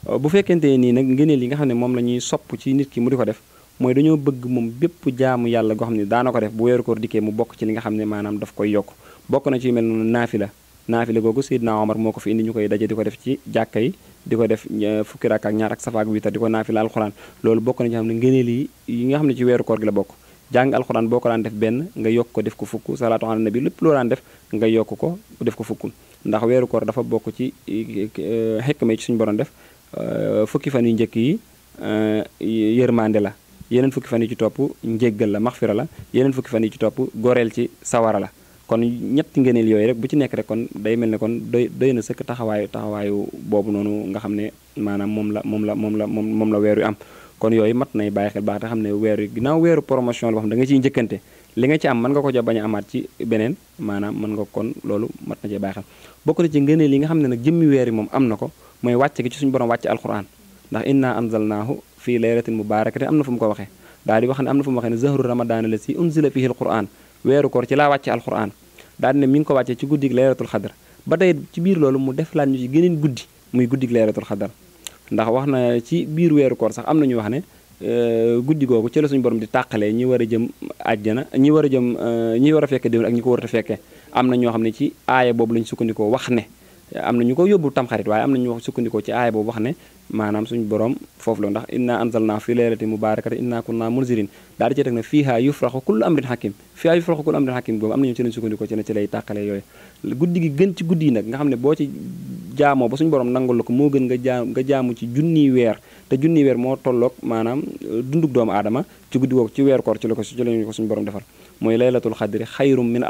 euh, bu fekkente nii nag ngëneel yi nga xam ne moom la ñuy sopp ci nit ki mu di ko def mooy dañoo bëgg moom bépp jaamu yàlla goo xam ne daanako def bu weeru koor dikkee mu bokk ci li nga xam ne maanaam daf koy yokk bokk na ci yu mel noonu naafila naafila googu Seydina Omar moo ko fi indi ñu koy daje di ko def ci jàkka yi di ko def eh, fukki ak ak safa ak witar di ko naafila alxuraan loolu bokk na ci xam ne ngëneel yi yi nga xam ne ci weeru koor gi la bokk jàng alxuraan boo ko daan def benn nga yokk ko def ko fukk salaatu ala nabi lépp loo daan nga yokk ko def ko fukk ndax weeru koor dafa bokk ci xekk eh, ma suñ suñu borom def eh, fukki fan yu njëkk yi yërmande la yeneen fukki fan yi ci topp njéggal la maxfira la yeneen fukki fan yi ci topp goreel ci sawara la kon ñetti ngëneel yooyu rek bu ci nekk rek kon day mel ni kon doy doy na sëkk taxawaayu taxawaayu boobu noonu nga xam ne maanaam moom la moom la moom la moom moom la weer wi am kon yooyu mat nay bàyyi xel baax te xam ne weer wi ginnaaw weeru promotion la boo xam da nga ciy njëkkante li nga ci am mën nga ko ja bañ a amaat ci beneen maanaam mën nga kon loolu mat na cee bàyyi bokk na ci ngëneel yi nga xam ne nag jëmmi weer yi moom am na ko mooy wàcc gi ci wàcc alquran ndax fii laylatin mubarakatin am na fu mu ko waxee daal di wax ne am na fu mu waxee ne zahru ramadaan la si unzila fihi alquran weeru koor ci laa wàcce alquran daal di ne mi ngi ko wàccee ci guddig laylatul xadar ba tey ci biir loolu mu def laan ñu ci geneen guddi muy guddig laylatul xadar ndax wax na ci biir weeru koor sax am na ñu wax ne euh, guddi googu ci la suñu borom di tàqalee ñi war a jëm àjjana ñi war a jëm euh, ñi war a fekke déwén ak ñi ko war a fekkee am na ñoo xam ne ci aaya boobu lañ sukkandikoo wax ne am na ñu ko yóbbu tamxarit waaye am na ñu wax sukkandikoo ci aaya boobu wax ne maanaam suñu borom foofu la ndax inna anzalna fi laylati mubarakati inna kunna munzirin daal di cee teg na fiiha yufraxu kullu amrin hakim fiiha yufraxu kullu amrin hakim boobu am na ñu ci lañ sukkandikoo ci ne ci lay tàqale yooyu guddi gi gën ci guddi yi nag nga xam ne boo ci jaamoo ba suñu borom nangul la ko moo gën nga jaam nga jaamu ci junniy weer te junniy weer moo tolloog maanaam euh, dundug doomu aadama ci guddi googu weer koor ci la ko ci lañu ko suñu defal mooy laylatul xadri xayrum min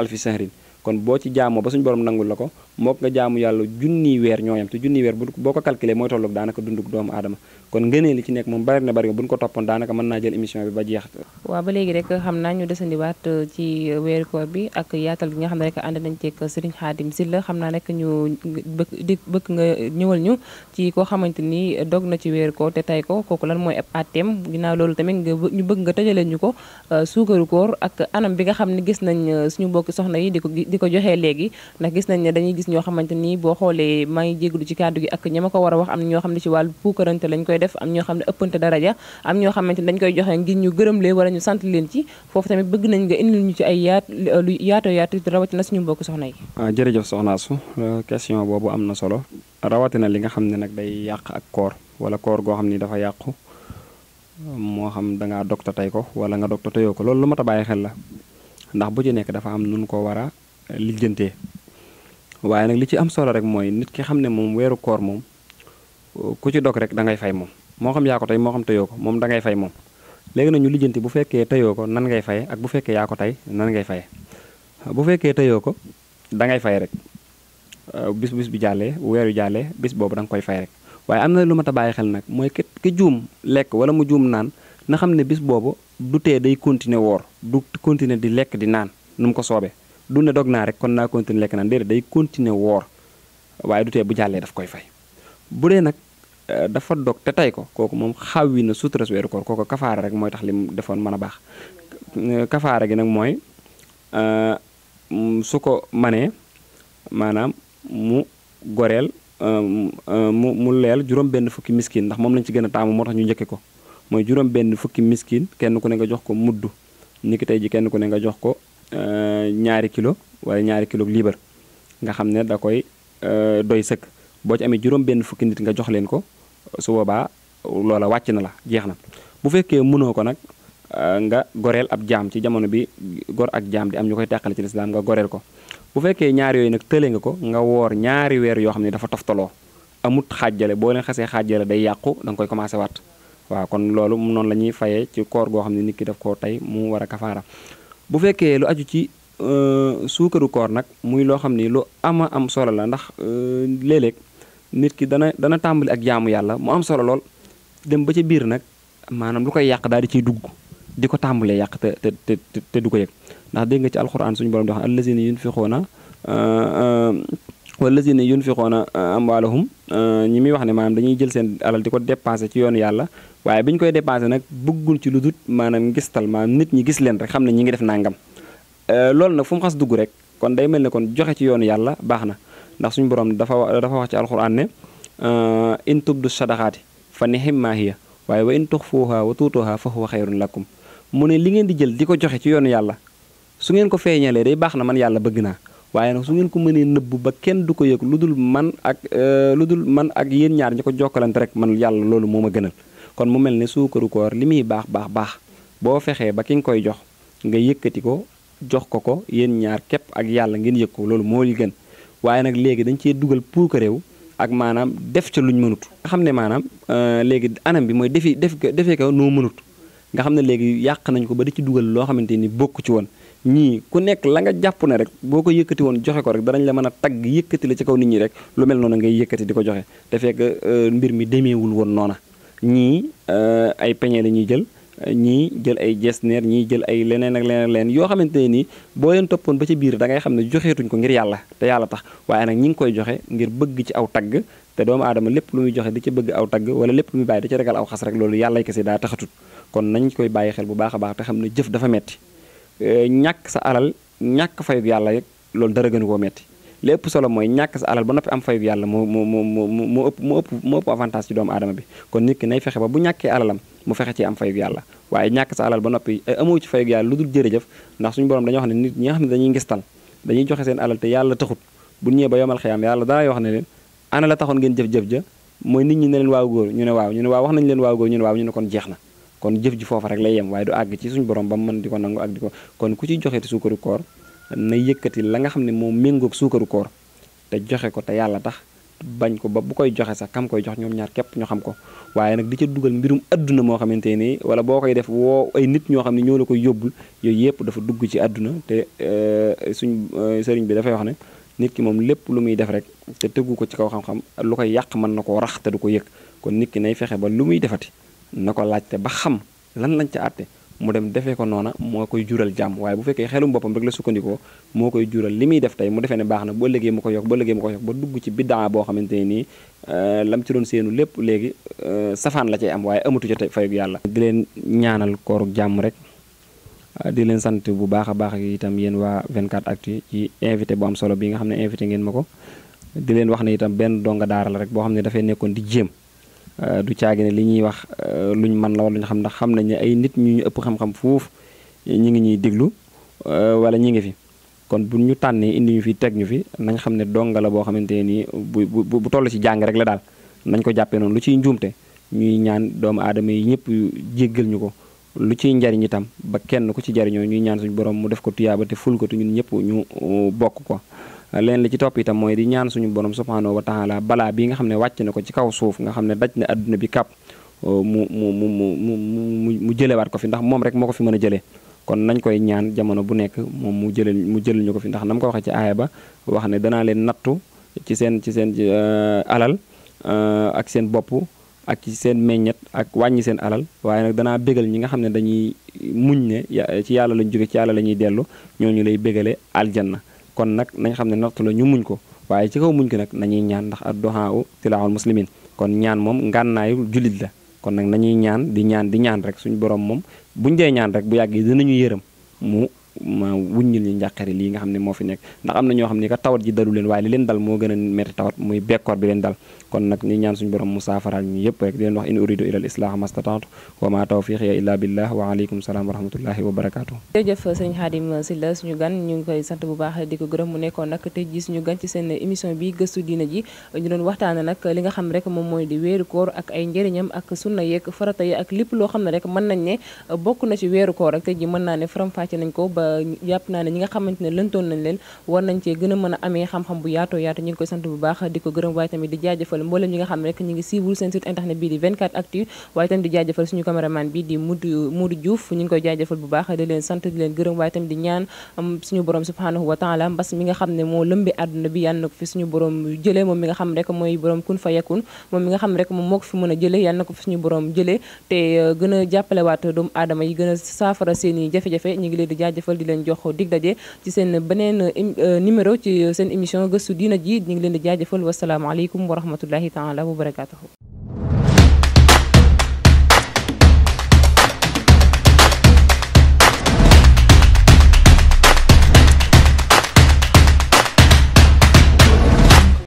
kon boo ci jaamoo ba suñu borom nangul la ko mook nga jaamu yàlla junniy weer ñooyam te junniy weer boo ko calculé mooy tolloog daanaka dundug doomu aadama kon ngënee li ci nekk moom bari na bari bi ba jeex waaw xam naa ñu desandiwaat euh, ci weeru koor bi ak yaatal gi nga xam ne rek ànd nañ ceeg Serigne Khadim Sylla xam naa rek ñu bëgg nga ñëwal ñu ci koo xamante ni dog na ci weeru koor te tay ko kooku lan mooy ab atteem ginnaaw loolu tamit nga ñu bëgg nga tëjaleen ñu ko euh, suukaru koor ak anam bi nga xam ne gis nañ euh, suñu di ko joxee léegi ndax gis nañ ne dañuy gis ñoo xamante nii boo xoolee maa ngi jéglu ci kàddu gi ak ña ko war a wax am ñoo xam ne ci wàllu puukarante lañ koy def am ñoo xam ne ëppante daraja am ñoo xamante ni dañ koy joxe ngir ñu gërëm leen wala ñu sant leen ci foofu tamit bëgg nañ nga indil ñu ci ay yaat lu yaatoo yaatu rawatina suñu mbokk soxna yi waaw ah, jërëjëf soxna su euh, question boobu am na solo rawatina li nga xam ne nag day yàq ak koor wala koor goo xam ni dafa yàqu moo xam dangaa dogta tey ko wala nga dogta teyoo ko loolu lu mat a xel la ndax bu ci nekk dafa am nun ko war a lijjantee waaye nag li ci am solo rek mooy nit ki xam ne moom weeru koor moom ku ci dog rek da ngay fay moom moo xam yaa ko tey moo xam teyoo ko moom dangay fay moom léegi nag ñu lijjanti bu fekkee teyoo ko nan ngay faye ak bu fekkee yaa tey nan ngay faye bu fekkee teyoo ko da ngay fay rek bis bis bi jàllee weeru yu jàllee bis boobu danga koy fay rek waaye am na lu mat a bàyyi xel nag mooy ki ki juum lekk wala mu juum naan na xam ne bis boobu du tee day continuer woor du continuer di lekk di naan nu mu ko soobee du ne dog naa rek kon naa continuer lekk naan déedéet day continuer woor waaye du bu jàllee daf koy fay bu dee nag euh, dafa dog te tey ko kooku moom xawwi na sutura su weeru koor kooku kafaara rek mooy tax li mu defoon mën a baax euh, kafaara gi nag mooy euh, su ko manee maanaam mu goreel mu mu leel juróom benn fukki miskin ndax moom lañ ci gën a taamu moo tax ñu njëkke ko mooy juróom benn fukki miskin kenn ku ne nga jox ko mudd niki tey ji kenn ku ne nga jox ko Euh, ñaari kilo wala ñaari kilo liibar nga xam ne da koy euh, doy sëkk boo ci amee juróom benn fukki nit nga jox leen ko su boobaa loola wàcc na la jeex na bu fekkee mënoo ko nag euh, nga goreel ab jaam ci jamono bi gor ak jaam di am ñu koy teqale ci lislaam nga goreel ko bu fekkee ñaar yooyu nag tële nga ko nga woor ñaari weer yoo xam ne dafa toftaloo amut xaajale boo leen xasee xaajale day yàqu da nga koy commencé waat waaw kon loolu noonu la ñuy fayee ci koor goo xam ne nit ki daf koo tey mu war a kafaara bu fekkee lu aju ci euh, suukaru koor nag muy loo xam ni lu ama am solo la ndax euh, léeg-léeg nit ki dana dana tàmbali ak jaamu yàlla mu am solo lool dem ba ca biir nag maanaam lu koy yàq daal di ciy dugg di ko tàmbalee yàq te te te du ko yëg ndax dégg nga ci alxuraan suñ suñu borom di wax allazina yunfiqoona euh, am yunfiqoona amwaalahum ñi muy wax ne maanaam dañuy jël seen alal di ko dépensé ci yoonu yàlla waaye bi ñu koy dépensé nag bëggul ci lu dut maanaam ngistal maanaam nit ñi gis leen rek xam ne ñi ngi def nangam euh, loolu nag fu mu xas dugg rek kon day mel ne kon joxe ci yoonu yàlla baax na ndax suñu borom dafa dafa wax ci alxuraan ne euh, in tubdu sadaxaati fa nihimmaa hiya waaye wa in tuxfuuhaa wa tuutuuhaa fa huwa xayrun mu ne li ngeen di jël di ko joxe ci yoonu yàlla su ngeen ko feeñalee day baax na man yàlla bëgg naa waaye nag su ngeen ko mënee nëbbu ba kenn du ko yëg lu dul man ak euh, lu dul man ak yéen ñaar ñi ko jokkalante rek man yàlla loolu moo ma gënal kon mu mel ne suukaru koor li muy baax baax baax boo fexee ba ki nga koy jox nga yëkkati ko jox ko ko yéen ñaar képp ak yàlla ngeen yëg ko loolu moo li gën waaye nag léegi dañ cee dugal puukaréew ak maanaam def ca lu ñu nga xam ne maanaam euh, léegi anam bi mooy defi def defee ko noo mënut nga xam ne léegi yàq nañ ko ba di ci dugal loo xamante ni bokk ci woon ñii ku nekk la nga jàpp ne rek boo ko yëkkati woon joxe ko rek danañ la mën a tagg yëkkati la ci kaw nit ñi rek lu mel noonu ngay yëkkati di ko joxe te fekk euh, mbir mi demeewul woon noona ñii eh, ay peñe la ñuy jël ñii jël ay jees jesneer ñii jël ay leneen ak leneen leen yoo xamante ne nii boo leen toppoon ba ci biir dangay xam ne joxeetuñ ko ngir yàlla te yàlla tax waaye nag ñi ngi koy joxe ngir bëgg ci aw tagg te doomu aadama lépp lu muy joxe di ci bëgg aw tagg wala lépp lu muy bàyyi da ci ragal aw xas rek loolu yàllay kese daa taxatut kon nañ koy bàyyi xel bu baax a baax te xam ne jëf dafa metti eh, ñàkk sa alal ñàkk fayug yàlla rek loolu dara gënu koo metti li ëpp solo mooy ñàkk sa alal ba noppi am fayu yàlla moo moo moo moo ëpp moo ëpp moo ëpp avantage ci doomu aadama bi kon nit ki nay fexe ba bu ñàkkee alalam mu fexe ci am fay yàlla waaye ñàkk sa alal ba noppi eh, amoo ci fayu yàlla lu dul jërëjëf ndax suñu borom dañoo xam ne nit ñi nga xam ne dañuy ngistal dañuy joxe seen alal te yàlla taxut bu ñëwee ba yomal xiyaam yàlla dara yoo ne leen ana la taxoon ngeen jëf-jëf ja mooy nit ñi ne leen waaw góor ñu ne waaw ñu ne waaw wax nañu leen waaw góor ñu ne waaw ñu ne kon jeex na kon jëf ji foofa rek lay yem waaye du àgg ci suñu borom ba mu mën di ko nangu ak di ko kon ku ci joxeeti suukaru koor na yëkkati la nga xam ne moom méngook suukaru koor te joxe ko te yàlla tax bañ ko ba bu koy joxe sax kam koy jox ñoom ñaar képp ñu xam ko waaye nag di ca dugal mbirum àdduna moo xamante ne wala boo koy def woo ay nit ñoo xam ne ñoo la koy yóbbul yooyu yëpp dafa dugg ci àdduna te euh, suñ euh, sëriñ bi dafay wax ne nit ki moom lépp lu muy def rek te tëggu ko ci kaw xam-xam lu koy yàq mën na koo rax te du ko yëg kon nit ki nay fexe ba lu muy defati na ko laajte ba xam lan lañ ca àtte mu dem defee ko noona moo koy jural jàmm waaye bu fekkee xelum boppam rek la sukkandikoo moo koy jural li muy def tey mu defee ne baax na ba ëllëgee mu ko yokk ba ëllëgee ba dugg ci biddaa boo xamante ne nii euh, lam ci doon seenu lépp léegi euh, safaan la cay am waaye amatu ca tey fayug yàlla di leen ñaanal kooruk jàmm rek euh, di leen sant bu baax a baax itam yéen waa 24 actu ci invité bu am solo bi xam ne invité ngeen ma ko di leen wax ne itam benn donga daara la rek boo xam ne dafay nekkoon di jéem Euh, du caagi ne li ñuy wax euh, luñ man la wala luñ xam ndax xam nañ ne ay nit ñu ëpp xam-xam foofu ñu ngi ñuy déglu euh, wala ñu ngi fi kon bu ñu tànnee indi ñu fi teg ñu fi nañ xam ne dongala boo xamante ni bu bu bu toll ci jàng rek la daal nañ ko jàppee noonu lu ciy njuumte ñuy ñaan doomu aadama yi ñëpp jéggal ñu ko lu ciy njariñ itam ba kenn ku ci jariñoo ñuy ñaan suñu borom mu def ko tuyaaba te ful ko ñun ñëpp ñu bokk ko leen li ci topp itam mooy di ñaan suñu borom subhaanahu wa taala balaa bi nga xam ne wàcc na ko ci kaw suuf nga xam ne daj na adduna bi kàpp uh, mu mu mu mu mu mu jëlewaat ko fi ndax moom rek moo ko fi mën a jëlee kon nañ koy ñaan jamono bu nekk moom mu jëlal mu jëlal ñu ko fi ndax nam ko waxee ci aaya ba wax ne danaa leen nattu ci seen ci seen uh, alal uh, ak seen bopp ak seen meññet ak wàññi seen alal waaye nag danaa bégal ñi nga xam ne dañuy muñ ne ci yàlla lañ jóge ci yàlla la ñuy dellu ñooñu lay bégale aljanna kon nag nañ xam ne nattu la ñu muñ ko waaye ci kaw muñ ko nag nañuy ñaan ndax ad duhaa u silaahul muslimin kon ñaan moom ngànnaayu jullit la kon nag nañuy ñaan di ñaan di ñaan rek suñu borom moom buñ dee ñaan rek bu yàggee ñu yërëm mu ma wuññil ñu njàqare lii nga xam ne moo fi nekk ndax am na ñoo xam ne ka tawat ji dalu leen waaye li leen dal moo gën a metti tawat muy bekkoor bi leen dal kon nag ñu ñaan suñu borom mu saafaraal ñu yëpp rek di wax in uridu ilal islaaha mastata'tu wa ma tawfiqiya illa billah wa aleykum salaam wa rahmatullahi wa barakaatu suñu gan bu baax di ko gërëm mu nekkoon nag tey ci seen émission bi gëstu diina ji ñu doon waxtaane nag li nga xam rek moom mooy di weeru koor ak ay njëriñam ak sunna yeeg farata yi ak lépp loo xam ne rek mën nañ ne bokk na ci weeru koor rek tey ji mën naa ne faram nañ ko ba jàpp naa ne ñi nga xamante ne a mën a amee xam-xam jaajëfal mboolem ñi nga xam ne rek ñu ngi siiwul seen site internet bi di 24 actu waaye itam di jaajëfal suñu caméraman bi di Modou Modou Diouf ñu ngi koy jaajëfal bu baax di leen sant di leen gërëm waaye itam di ñaan um, suñu borom subhanahu wa mbas mi nga xam ne moo lëmbi àdduna bi yàlla na ko fi suñu borom jëlee moom mi nga xam rek moom moo ko fi mën a jëlee yàlla na ko fi suñu borom jëlee te uh, gën a jàppalewaat doomu aadama yi gën a saafara seeni rahmatullahi taala wa barakaatuhu